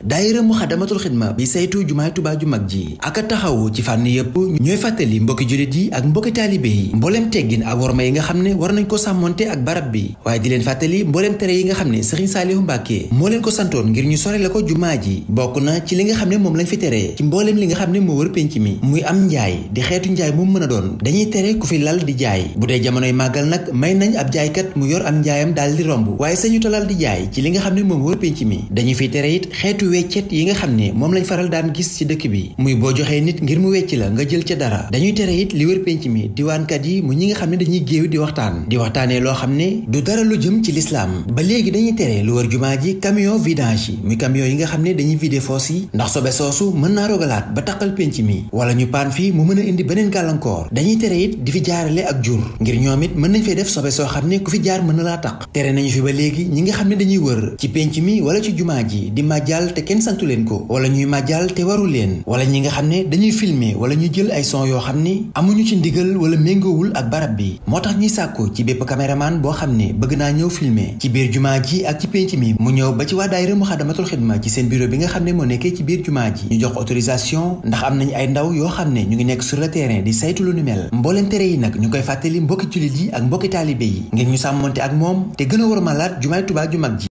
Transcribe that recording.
daayira mu xadamatul xidma bi saytu jumaay Tuubaa ju mag ji ak taxawu ci fànn yépp ñooy fàttali mbokki jullit yi ak mbokki taalibe yi mbooleem teggin ak ma yi nga xam ne war nañ ko sàmmonte ak barab bi waaye di leen fàttali mbooleem tere yi nga xam ne Sëriñ Saalihu Mbàkke moo leen ko santoon ngir ñu sore ko jumaa ji bokk na ci li nga xam ne moom lañ fi tere ci mbooleem li nga xam ne moo wër pénc mi muy am njaay di xeetu njaay mu mën a doon dañuy ku fi lal di jaay bu dee jamonoy màggal nag may nañ ab jaaykat mu yor am njaayam daal di romb waaye sañu talal di jaay ci li nga xam ne moom wër pénc mi dañu fi tere xeetu weccet yi nga xam ne moom lañ faral daan gis ci dëkk bi muy boo joxee nit ngir mu wecc la nga jël ca dara dañuy tere it li wër pénc mi diwaankat yi mu ñi nga xam ne dañuy géew di waxtaan di waxtaanee loo xam ne du dara lu jëm ci lislaam ba léegi dañuy tere lu wër jumaa ji camion vidange yi muy camion yi nga xam ne dañuy vider foos yi ndax sobe soosu mën naa rogalaat ba taqal pénc mi wala ñu paan fii mu mën a indi beneen gàllankoor dañuy tere it di fi jaarale ak jur ngir ñoom it mën nañ fee def sobe soo xam ne ku fi jaar mën na laa taq tere nañu fi ba léegi ñi nga xam ne dañuy wër ci pénc mi te kenn santu leen ko wala ñuy màjjal te waru leen wala ñi nga xam ne dañuy filme wala ñuy jël ay son yoo xam ni amuñu ci ndigal wala méngoowul ak barab bi moo tax ñuy sàkku ci bépp caméraman boo xam ne bëgg naa ñëw filmer ci biir jumaa ji ak ci pénc mi mu ñëw ba ci waa daayira Muxaddamatul Xidma ci seen bureau bi nga xam ne moo nekkee ci biir jumaa ji ñu jox autorisation ndax am nañu ay ndaw yoo xam ne ñu ngi nekk sur le terrain di saytu lu ni mel mbooleem yi nag ñu koy fàttali mbokki jullit yi ak mbokki taalibe yi ngeen ñu sàmmonte moom te gën a war malaat jumaay Tuubaa ju mag ji